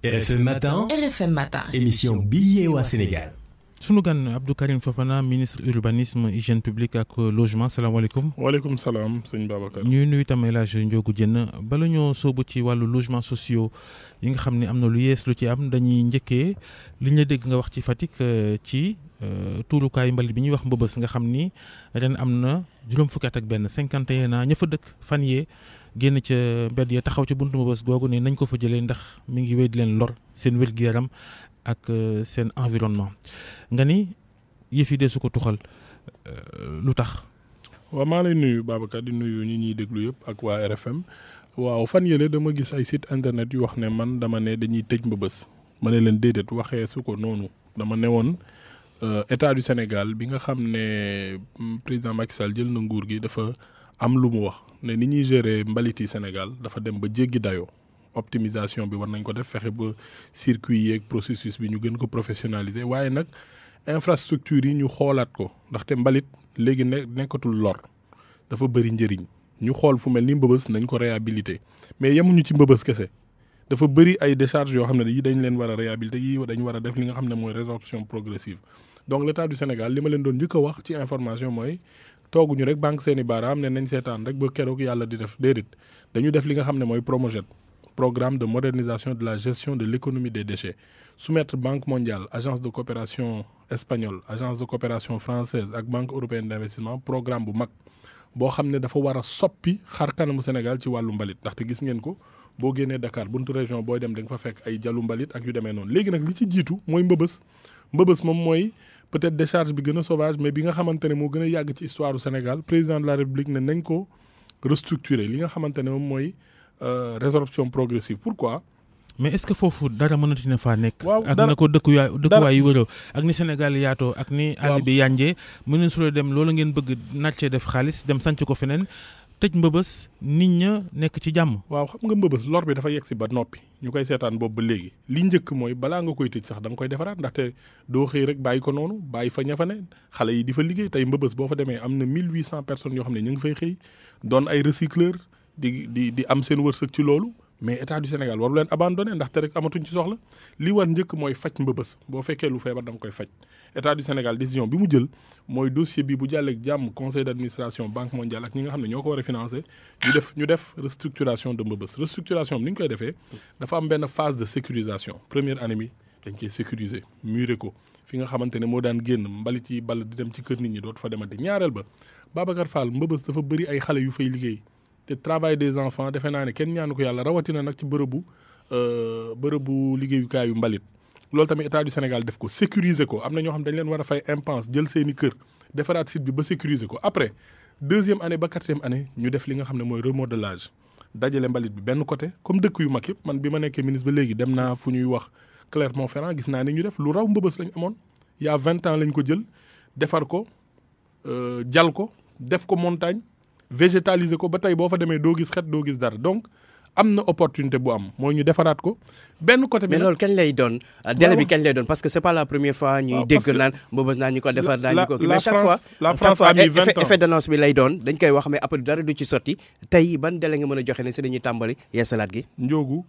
RFM Matin RFM Matin émission bi yee sunu gan Abdou Karim Fofana ministre urbanisme hygiène publique ak logement salaamaaleykum. waaleykum salaam sëñ Babacar. ñuy nuyu itam El Hadj bala ñoo soobu ci wàllu logement sociaux yi nga xam ne am na lu yees lu ci am dañuy njëkkee li ñu dégg nga wax ci Fatick euh, ci euh, tuurukaayu mbalit bi ñuy wax mbëbës nga xam ni ren am na juróom fukki ak benn cinquante et un ans fa dëkk fan yee génn ca mbedd ya taxaw ci buntu Mbeubeuss googu ne nañ ko fa jëlee ndax mu ngi wéy di leen lor seen wér-gu-yaram ak euh, seen environnement nga ni yëf yi dee su ko tuxal euh, lu tax. waaw maa lay nuyu Babacar di nuyu ñu ñuy déglu yëpp ak waa RFM waaw fan yële dama gis ay site internet yu wax ne man dama ne dañuy tëj Mbeubeuss ma ne leen déedéet waxee su ko noonu dama ne woon euh, état du Sénégal bi nga xam ne mm, président Macky jël na nguur gi dafa am lu mu wax ne ni ñuy gérer mbalit yi Sénégal dafa dem ba jéggi dayoo optimisation bi war nañ ko def fexe ba circuit yeeg processus bi ñu gën ko professionnaliser waaye nag infrastructure yi ñu xoolaat ko ndaxte mbalit léegi ne nekkatul lor dafa bari njëriñ ñu xool fu mel ni mbëbës nañ ko réhabiliter mais yemuñu ci mbëbës kese dafa bëri ay décharge yoo xam ne yi dañ leen war a réhabiliter yi dañ war a def li nga xam ne mooy résorption progressive donc l' état du Sénégal ma leen doon njëkk wax ci information mooy tooguñu rek banque seeni baaraam ne nañ seetaan rek ba keroog yàlla di def déedéet dañu def li nga xam ne mooy Promojet programme de modernisation de la gestion de l'économie des déchets soumettre Banque mondiale agence de coopération espagnole agence de coopération française ak banque européenne d'investissement programme bu mag boo xam ne dafa war a soppi xar kanamu Sénégal ci wàllu mbalit ndaxte gis ngeen ko boo génnee Dakar buntu région booy dem da nga fekk ay jalu mbalit ak yu demee noonu léegi nag li ci jiitu mooy mbëbës mbëbës moom mooy peut-être décharge bi gën a sauvage mais bi nga xamante ne moo gën a yàgg ci histoire du Sénégal président de la République ne nañ ko restructurer li nga xamante ne moom mooy euh, résorption pour pourquoi. mais est-ce que foofu dara mënati na faa nekk. waaw dara ak na ko dëkkuwaay dëkkuwaay yu wëroo ak ni Sénégal yaatoo ak ni. àll bi yànjee mën na su dem loolu ngeen bëgg nàccee def xaalis dem sanc ko feneen. tëj mbëbës nit ña nekk ci jàmm. waaw xam nga mbëbës lor bi dafa yegg si ba noppi ñu koy seetaan boobu ba léegi li njëkk mooy balaa nga koy tëj sax da koy defaraat ndaxte doo xëy rek bàyyi ko noonu bàyyi fa ña fa xale yi di fa liggéey tey mbëbës boo fa demee am na 1800 personnes yoo xam ne ñu ngi fay xëy doon ay recycleur di di di am seen wërsëg ci loolu mais état du Sénégal waru leen abandonné ndaxte rek amatuñ ci soxla li war njëkk mooy faj mbëbës boo fekkee lu feebar da koy faj état du Sénégal décision bi mu jël mooy dossier bi bu jàlleeg jàmm conseil d'administration banque mondiale ak ñi nga xam ne ñoo ko war a financé ñu def ñu def restructuration de mbëbës restructuration bi ni ñu koy defee dafa am benn phase de sécurisation première année bi dañ koy sécuriser muré ko fi nga xamante ne moo daan génn mbalit yi ball di dem ci kër nit ñi dootu fa demati ñaareel ba Babacar Fall mbëbës dafa bëri ay xale yu fay liggéey travail des enfants defe naa ne kenn ñaanu ko yàlla rawatina nag ci bërëbu euh, bërëbu liggéeyukaayu mbalit loolu tamit état du Sénégal def ko sécuriser ko am na ñoo xam dañ leen war a fay impense jël seeni kër defaraat site bi ba sécuriser ko après deuxième année ba quatrième année ñu def li nga xam ne mooy remodelage dajale mbalit bi benn côté comme dëkk yu mag yëpp man bi ma nekkee ministre ba léegi dem naa fu ñuy wax Clermont-Ferrand gis naa ni ñu def lu raw mbëbës lañ amoon y a vingt ans lañ ko jël defar ko euh, jal ko def ko montagne végétaliser ko ba tey boo fa demee doo gis xet doo gis dara donc am na opportunité bu am mooy ñu defaraat ko benn côté bi. mais loolu kañ lay doon euh, délai bi kañ lay doon parce que c'est pas la première fois ñuy dégg naan mbëbës naa ñu ko defar naa ko mais chaque fois la France a mis eh, vingt ans effet lay doon dañ koy wax mais après dara du ci sotti tey ban délai nga mën a joxe ne si dañuy tàmbali yeesalaat gi njoogu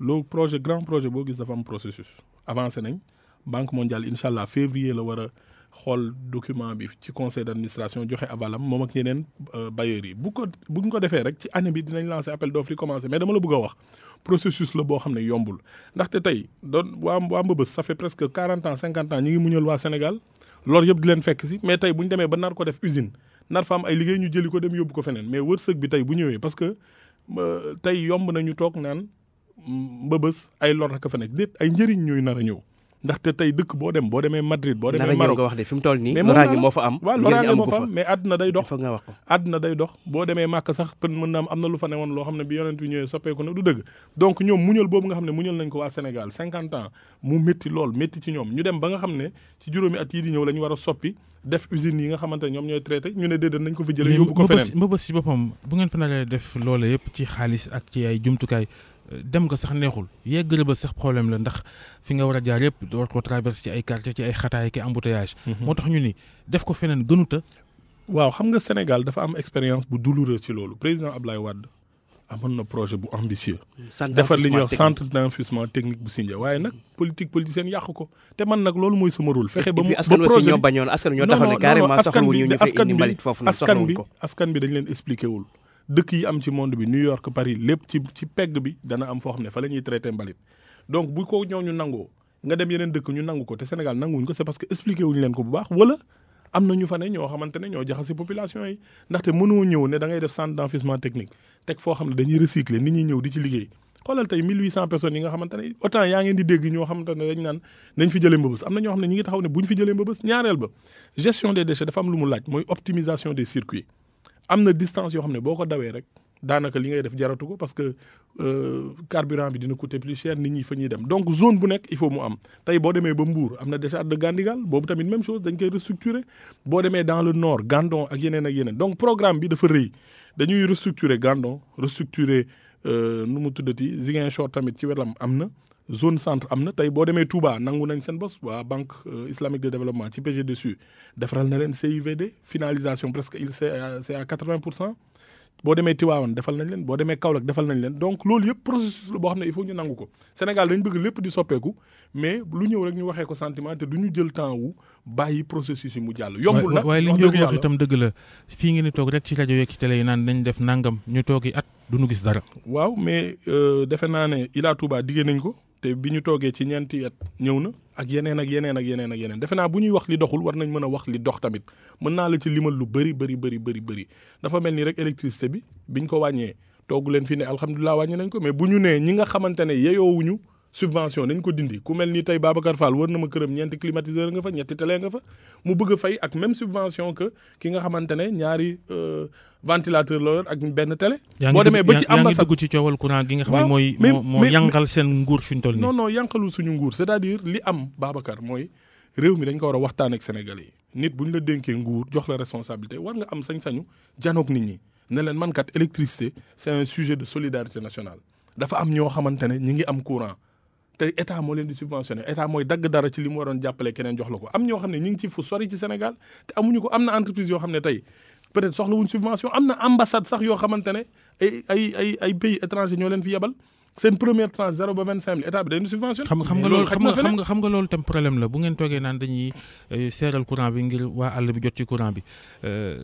loolu projet grand projet boo gis dafa am processus avancé nañ banque mondiale incha allah février la war xool document bi ci conseil d' joxe avalam moom ak ñeneen euh, bailleurs yi bu ko bu ñu ko defee rek ci année bi dinañ lancer appel d' offre yi commencé mais dama la bëgg a wax processus la boo xam ne yombul ndaxte tey doon waa waa Mbëbës ça fait presque quarante ans cinquante ans ñi ngi muñal waa Sénégal loolu yëpp di leen fekk si mais tey bu ñu demee ba nar ko def usine nar fa am ay liggéey ñu jëli ko dem yóbbu ko feneen mais wërsëg bi tey bu ñëwee parce que euh, tey yomb nañu toog naan Mbëbës ay lor rek a fa nekk déet ay njëriñ ñooy nar a ñëw. ndaxte tey dëkk boo dem boo demee Madrid boo demee Maroc nga mu toll nii moo fa am waaw loraange mais àdduna day dox nga wax ko àdduna day dox boo demee Màkka sax pën mën na am am na lu fa ne woon loo xam ne bi yonent bi ñëwee soppeeku na du dëgg donc ñoom muñal boobu nga xam ne muñal nañ ko waa Sénégal cinquante ans mu métti lool métti ci ñoom ñu dem ba nga xam ne ci juróomi at yii di ñëw la ñu war a soppi def usine yi nga xamante ne ñoom ñooy traité ñu ne déedéet nañ ko fi jëlee yóbbu ko feneen mbëbës ci boppam bu ngeen fa naree def ci xaalis ak ci ay jumtukaay dem nga sax neexul yegg Rebeuss sax problème la ndax fi nga war a jaar yëpp war ko traverse ci ay quartier ci ay xataay ki embouteillage mhm. moo tax ñu ni def ko feneen gënuta waaw xam nga Sénégal dafa am expérience bu douloureuse ci loolu président Ablaye Wade amoon na projet bu ambitieux defar li ñuy centre d'enfouissement technique bu Sindia waaye nag politique politicienne yàq ko te man nag loolu mooy sama rôle fexe ba mu askan aussi ñoo bañoon askan ñoo taxaw ne carrément soxlawuñu askan bi askan bi dañ leen expliqué wul dëkk yi am ci monde bi New York Paris lépp ci ci pegg bi dana am foo xam ne fa la ñuy traité mbalit donc bu ko ñoo ñu nangoo nga dem yeneen dëkk ñu nangu ko te Sénégal nanguwuñ ko c'est parce que expliqué wuñu leen ko bu baax wala am na ñu fa ne ñoo xamante ne ñoo jaxase population yi ndaxte mënoo ñëw ne da ngay def centre d'enfouissement technique teg foo xam ne dañuy recycler nit ñi ñëw di ci liggéey xoolal tey 1800 personnes yi nga xamante ne autant yaa ngeen di dégg ñoo xamante ne dañ naan nañ fi jëlee mbëbës am na ñoo xam ne ñi ngi taxaw ne buñ fi jëlee mbëbës ñaareel ba gestion des déchets dafa am mu laaj mooy optimisation des circuits am na distance yoo xam ne boo ko dawee rek daanaka li ngay def jaratu ko parce que euh, carburant bi dina coûter plus cher nit ñi fa ñuy dem donc zone bu nekk il faut mu am tey boo demee ba Mbour am na décharge de Gandigal boobu tamit même chose dañ koy restructurer boo demee dans le nord Gandon ak yeneen ak yeneen donc programme bi dafa rëy dañuy restructurer Gandon restructurer euh, nu mu tuddati Ziguinchor tamit ci wetam am na. zone centre am na tey boo demee Touba nangu nañ seen bos waa banque euh, islamique de développement ci PGDSU defaral na leen CIVD finalisation presque il c'est à quatre vingt pour cent boo demee Tivaouane defal nañ leen boo demee Kaolack defal nañ leen donc loolu yëpp processus la boo xam ne il faut ñu nangu ko Sénégal dañ bëgg lépp di soppeeku mais lu ñëw rek ñu waxee ko sentiment te du ñu jël temps wu bàyyi processus yi mu jàll. yombul nag waaye li ñu wax itam dëgg la fii ngeen toog rek ci rajo yeeg ci télé yi naan nañ def nangam ñu toogi at du ñu gis dara. waaw mais euh, defe naa ne Ila Touba diggee nañ ko. te bi ñu toogee ci ñeenti at ñëw na ak yeneen ak yeneen ak yeneen ak yeneen defe naa bu ñuy wax li doxul war nañ mën a wax li dox tamit mën naa la ci limal lu bëri bëri bëri bëri bëri dafa mel ni rek électricité bi biñ ko wàññee toogu leen fi ne alhamdulilah wàññi nañ ko mais bu ñu nee ñi nga xamante ne yeyoowuñu subvention dañ ko dindi ku mel ni tey Babacar Fall war na ma këram ñeenti climatiseur nga fa ñetti télé nga fa mu bëgg a fay ak même subvention ki nga xamante ne ñaari euh, ventilateur la yor ak benn télé. boo demee ba ci ambassade yaa ci coowal courant gi nga xam ne mooy. moo moo yànqal seen nguur fi ñu toll nii. non non yànqalu suñu nguur c'est-à-dire li am Babacar mooy réew mi dañ ko war a waxtaan ak Sénégalais yi nit bu ñu la dénkee nguur jox la responsabilité war nga am sañ-sañu janoog nit ñi ne leen man kat électricité c'est de solidarité nationale dafa am ñoo xamante ne ñi ngi am courant te état moo leen di subventionné état mooy dagg dara ci li mu waroon jàppale keneen jox la ko am ñoo xam ne ñu ngi ci fu sori ci Sénégal te amuñu ko am na entreprise yoo xam ne tey peut soxla wuñ subvention am na ambassade sax yoo xamante ne ay ay ay ay pays étranger ñoo leen fi yebal seen première tranche zéro ba vingt cinq mille état bi day ñu subventionné. xam nga loolu xam nga xam nga loolu tam problème la bu ngeen toogee naan dañuy euh, seeral courant bi ngir waa àll bi jot ci courant bi euh,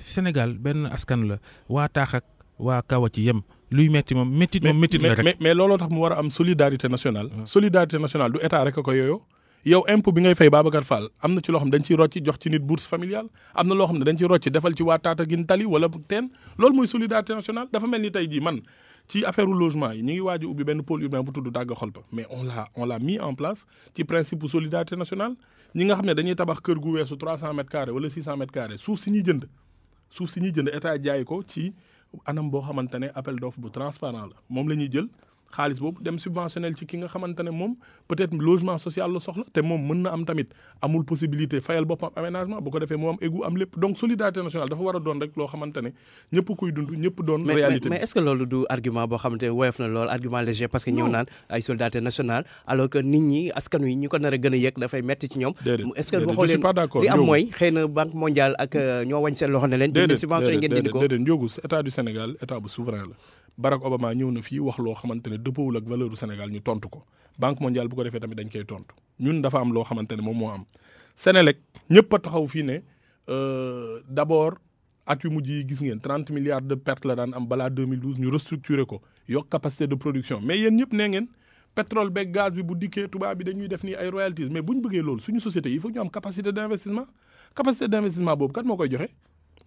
Sénégal benn askan la waa taax ak waa kaw a ci yem. luy métti moom métti moom métti la rek. mais mais looloo tax mu war a am solidarité nationale. solidarité nationale du état rek a ko yooyoo. yow impôt bi ngay fay Babacar Fall am na ci loo xam ne dañ ciy rocci jox ci nit bourse familiale am na loo xam ne dañ ciy rocci defal ci waa Tataguine Tali wala teen loolu mooy solidarité nationale dafa mel ni tey jii man ci affaire logement yi ñu ngi waaj a ubbi benn pôle urbain bu tudd Daga Xolpa mais on l'a on l'a mis en place ci principe solidarité nationale ñi nga xam ne dañuy tabax kër gu weesu 300 mètres carrés wala 600 mètres carrés suuf si ñuy jënd suuf si ñuy jënd état jaay ko ci. anam boo xamante ne appel d'offre bu transparent la moom la ñuy jël xaalis boobu dem subventionnel ci ki nga xamante ne moom peut-être logement social la soxla te moom mën na am tamit amul possibilité fayal boppam aménagement bu ko defee moom am égout am lépp donc solidarité nationale dafa war a doon rek loo xamante ne ñëpp kuy dund ñëpp doon réalité mais est-ce ne woyof na lool argument léger parce que ñëw naan ay solidarité nationale ñi ko nar gën a yëg dafay metti ñoom est-ce na banque mondiale ak euh, ñoo wañ seen loxo ne leen subvention yi ngeen dindi ko déedéet njóogu état du Sénégal état bu souverain la Barack Obama ñëw na fii wax loo xamante ne dëppoowul ak valeur Sénégal ñu tontu ko banque mondiale bu ko defee tamit dañ koy tontu ñun dafa am loo xamante ne moom moo am. Sénélec ñëpp a taxaw fii ne euh, d' abord at yu mujj yi gis ngeen trente milliards de perte la nee ngeen. pétrole beeg gaz bi bu dikkee tubaab bi dañuy def nii ay royalties mais bu ñu bëggee loolu suñu société yi il faut ñu am capacité d' capacité d' boobu kat moo koy joxe.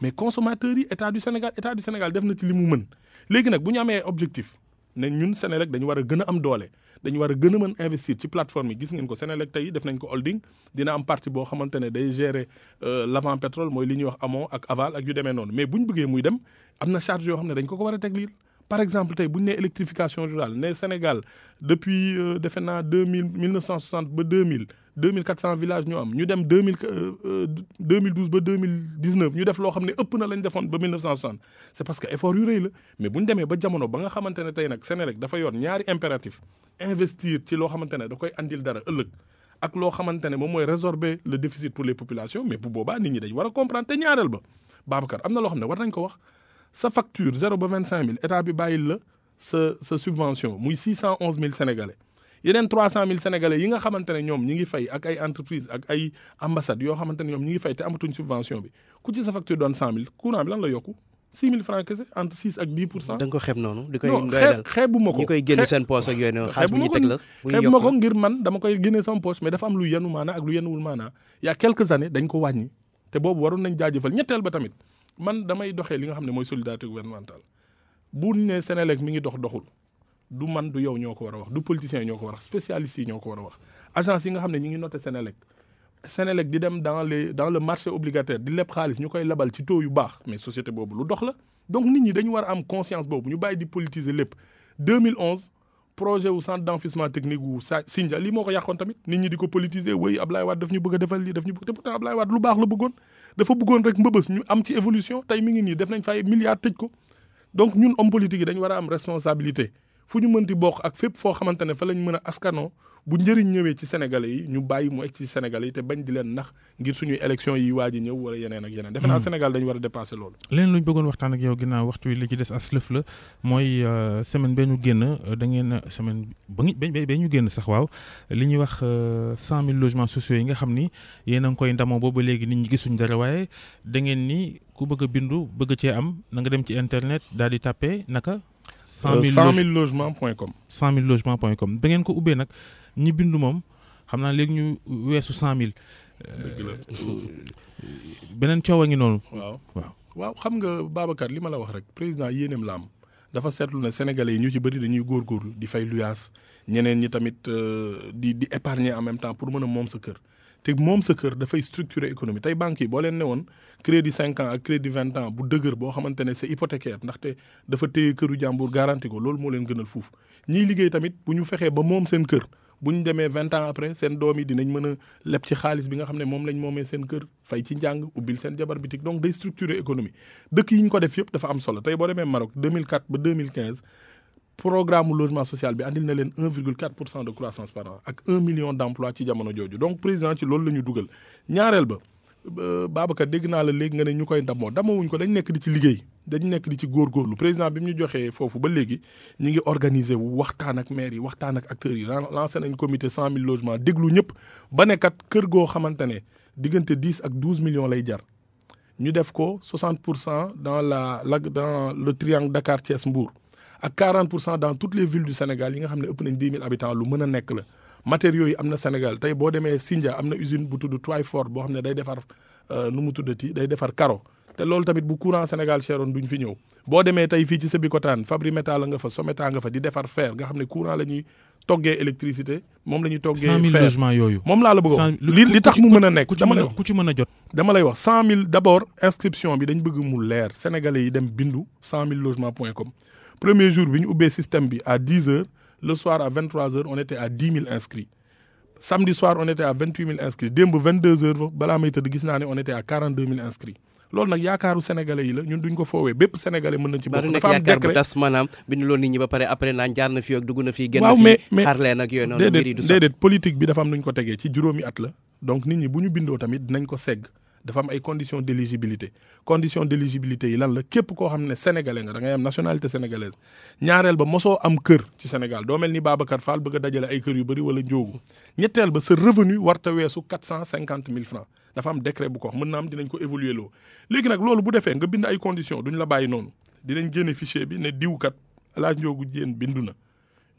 mais consommateurs yi état du Sénégal état du Sénégal def na ci li mu mën léegi nag bu ñu amee objectif ne ñun Sénélec dañu war a gën a am doole dañu war a gën a investir ci plateforme yi gis ngeen ko Sénélec tey def nañ ko holding dina am partie boo xamante ne day gérer euh, l'avant pétrole mooy li ñuy wax amont ak aval ak yu demee noonu mais bu ñu bëggee muy dem am na charge yoo xam ne dañ ko ko war a teg liir par exemple tey bu nee électrification rurale ne Sénégal depuis euh, defe naa deux mille mille neuf cent soixante ba deux mille deux mille quatre cent villages ñu am ñu dem euh, euh, deux mille douze ba deux mille dix neuf ñu def loo xam ne ëpp na lañ defoon ba mille neuf cent soixante c'est parce que effort yu rëy la mais bu ñu demee ba jamono ba nga xamante tey nag Sénélec dafa yor ñaari impératif investir ci loo xamante ne da koy andil dara ëllëg ak loo xamante ne moom mooy résorber le déficit pour les populations mais bu boobaa nit ñi dañ war a comprendre te loo xam ne war nañ ko wax sa facture zéro ba vingt cinq mille état bi bàyyil la sa sa subvention muy six cent onze mille sénégalais yeneen trois cent mille yi nga xamante ne ñoom ñi ngi fay ak ay entreprise ak ambassade yoo xamante ne ñoom ñi ngi fay te amatuñ subvention bi ku ci sa facture doon cent mille courant bi lan la yokku six mille francs kese entre six ak dix pour cent. da ko xeeb noonu. di koy doy xeebu ma ko ñi koy génne man dama koy génne sama poche mais dafa am lu yenu maanaa ak lu yenuwul maanaa y a quelques années dañ te boobu waroon nañ jaajëfal ñetteel ba tamit man damay doxee li nga xam ne mooy solidarité gouvernementale bu ne Sénélec mi ngi dox doxul du man du yow ñoo ko war a wax du politiciens yi ñoo ko war a wax spécialistes yi ñoo ko war a wax agence yi nga xam ne ñu ngi noté Sénélec Sénélec di dem dans le dans le marché obligataire di leb xaalis ñu koy labal ci taux yu baax mais société boobu lu dox la donc nit ñi dañu war am conscience boobu ñu bàyyi di politiser lépp 2011 projet wu centre d'enfouissement technique wu sa Sindia lii moo ko yàqoon tamit nit ñi di ko politiser wéy Ablaye Wade daf ñu bëgg a defal lii daf ñu bëgg te pourtant Ablaye Wade lu baax la bëggoon dafa bëggoon rek mbëbës ñu am ci évolution tey mi ngi nii def nañ fay milliards tëj ko donc ñun homme politique yi dañ war a am responsabilité fu ñu mënti bokk ak fépp foo xamante ne fa lañ mën a askanoo bu njëriñ ñëwee ci sénégal yi ñu bàyyi mu egg ci sénégalais yi te bañ di leen nax ngir suñuy élection yi waa ji ñëw wala yeneen ak yeneen defe naa hmm. Sénégal dañu war a dépasser loolu leen luñ bëggoon waxtaan ak yow ginnaaw waxtu wi li ci des as lëf la mooy euh, semaine bee ñu génn euh, da ngeen euh, semaine ba bee ñu génn sax waaw li ñuy wax cent mille logements sociaux yi nga xam ni yéen a ngi koy ndamoo booba léegi nit ñi gisuñ dara waaye da ngeen ni ku bëgg bindu bëgg cee am na nga dem ci internet daal di tàppee naka cent mille logements point com cent mille logements point com ba ngeen ko ubbee nag ñi bindu moom xam naa léegi ñu weesu cent mille. Euh, beneen coow a ngi noonu. waaw waaw xam nga Babacar li ma la wax rek président yéeneem la am dafa seetlu ne sénégalais yi ñu ci bëri dañuy góor di fay luyaas ñeneen ñi tamit euh, di di épargner en même temps pour mën a moom sa kër. te moom sa kër dafay structurer économie tey banques yi boo leen ne woon crédit cinq ans ak crédit vingt ans bu dëgër boo xamante ne c'est hypothécaire ndaxte dafa téye këru jàmbur garanti ko loolu moo leen gënal fuuf ñiy liggéey tamit bu ñu fexee ba moom seen kër. bu ñu demee vingt ans après seen doom yi dinañ mën a leb ci xaalis bi nga xam ne moom lañ moomee seen kër fay ci njàng ubbil seen jabar bitik donc day structurer économie dëkk yi ñu ko def yëpp dafa am solo tey boo demee Maroc 2004 ba 2015 programme logement social bi andil na leen 1,4 pour cent de croissance par an ak 1 million d' emploi ci jamono jooju donc président ci loolu lañu ñu dugal ñaareel ba. Euh, Babacar dégg naa la léegi nga ne ñu koy ndamoo damawuñ ko dañ nekk di ci liggéey dañ nekk di ci góorgóorlu président bi mu ñu joxee foofu ba léegi ñu ngi organiser wu waxtaan ak maire yi waxtaan ak acteurs yi lancé nañ comité cent mille logements déglu ñëpp ba nekkat kër goo xamante ne diggante dix ak douze million lay jar ñu def ko soixante pour cent dans la la dans le triangle Dakar Thiès Mbour ak quarante pour les villes du Sénégal yi nga xam ne ëpp nañ dix mille habitants lu mën a nekk la matériaux yi am na Sénégal tey boo demee Sindia am na usine bu tudd Twyford boo xam ne day defar euh, nu mu tuddati day defar karo te loolu tamit bu courant Sénégal cheroon duñ fi ñëw boo demee tey fii ci Sébikotane Fabri Metal la nga fa Someta nga fa di defar fer nga xam ne courant la ñuy toggee électricité moom la ñuy toggee. cent yooyu. moom laa la bëgg a li li tax mu mën a nekk. dama lay wax a jot. dama lay wax cent mille d' abord inscription bi dañ bëgg mu leer sénégalais yi dem bindu cent mille logements point com premier jour bi ñu ubbee système le soir à 23h on était à 10 000 inscrits samedi soir on était à 28 000 inscrits démb 22h balaa may tëdd gis naa ne on était à 42 000 inscrits. loolu nag yaakaaru sénégalais yi la ñun duñ ko foowee bépp sénégalais mën nañ ci bokk dafa am décret bi ñu loon nu ñu ko tegee ci juróomi at la donc nit ñi bu ñu bindoo tamit nañ ko segg dafa am ay conditions d'éligibilité conditions d'éligibilité yi lan la képp koo xam ne sénégalais nga da am nationalité sénégalaise ñaareel ba mosoo am kër ci Sénégal doo mel ni Babacar Fall bëgg a dajale ay kër yu bëri wala njóogu ñetteel ba sa revenu warta weesu quatre cent cinquante mille francs dafa am décret bu ko wax mën am dinañ ko évoluer loo léegi nag loolu bu defee nga bind ay condition duñ la bàyyi noonu dinañ génne fichier bi ne diwkat laaj njóogu jéen bindu na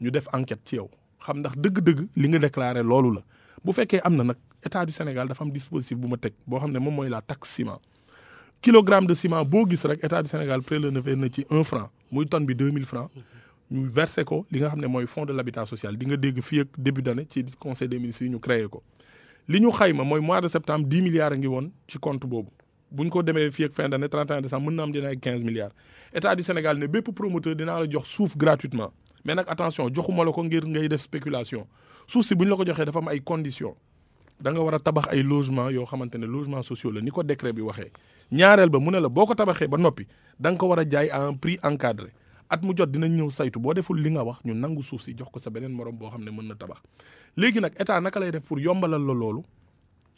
ñu def enquête ci yow xam ndax dëgg li nga déclaré loolu la bu fekkee am na nag état du Sénégal dafa am dispositif bu ma teg boo xam ne moom mooy la taxe ciment kilogramme de ciment boo gis rek état du Sénégal prélevé na ci un franc muy tonne bi deux mille francs ñu versé ko li nga xam ne mooy fonds de l'habitat social di nga dégg fii ak début d'année ci conseil des ministres yi ñu créé ko li ñu xayma mooy mois de septembre dix milliards ngi woon ci conte boobu bu ñu ko demee fii ak fin d'année 31 décembre mën na am dina ay quinze milliards état du la ko ngir ngay def spéculation suuf si la ko joxee dafa ay conditions da nga war a tabax ay logement yoo xamante ne logement sociaux la ni ko décret bi waxee ñaareel ba mu ne la boo ko tabaxee ba noppi danga nga ko war a jaay à un prix encadré at mu jot dinañ ñëw saytu boo deful li nga wax ñu nangu suuf si jox ko sa beneen moroom boo xam ne mën na tabax léegi nag état naka lay def pour yombalal la loolu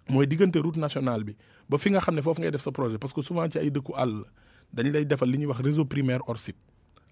mooy diggante route nationale bi ba fi nga xam ne foofu ngay def sa projet parce que souvent ci ay dëkku àll dañ lay defal li ñuy wax réseau primaire hors site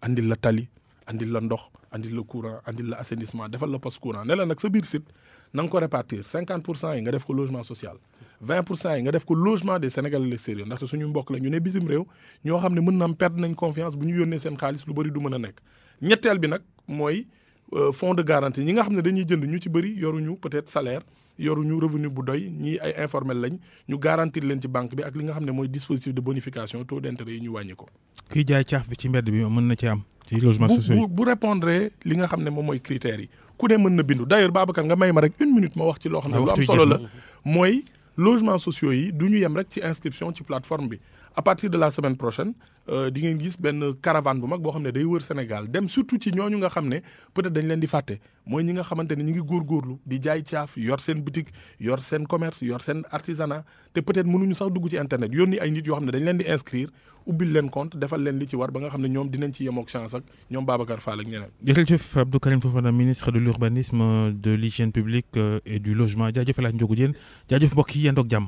la tali andil la ndox indi la courant andil la assainissement defal la poste courant ne la nag sa biir site na nga ko répartir cinquante pour cent yi nga def ko logement social vingt pour cent yi nga def ko logement des Sénégalais l'extérieur ndaxte suñu mbokk la ne bitim réew ñoo xam ne mën na am perdre nañ confiance bu ñu yónnee seen xaalis lu bëri du mën a nekk ñetteel bi nag mooy euh, fonds de garantie ñi nga xam ne dañuy jënd ñu ci bëri yoruñu peut-être salaire yoruñu revenu bu doy ñii ay informel lañ ñu garantir leen ci banque bi ak li nga xam ne mooy dispositif de bonification taux d'intérêt yi ñu wàññi ko. kiy jaay caaf bi ci mbedd bi mën na ci am. ci logement social bu bu répondre li nga xam ne moom mooy critères yi ku ne mën na bindu d'ailleurs Babacar nga may ma rek une minute ma wax ci loo xam ne lu am solo la mooy logements sociaux yi du ñu yem rek ci inscription ci plateforme bi à partir de la semaine prochaine euh, di ngeen gis benn caravane bu mag boo xam ne day wër Sénégal dem surtout ci ñooñu nga xam ne peut-être dañ leen di fàtte mooy ñi nga xamante ne ñu ngi góorgóorlu di jaay caaf yor seen boutique yor seen commerce yor seen artisanat te peut-être mënuñu sax dugg ci internet yónni ay nit yoo xam ne dañ leen di inscrire ubbil leen compte defal leen li ci war ba nga xam ne ñoom dinañ ci yem ak chance yendoog jàmm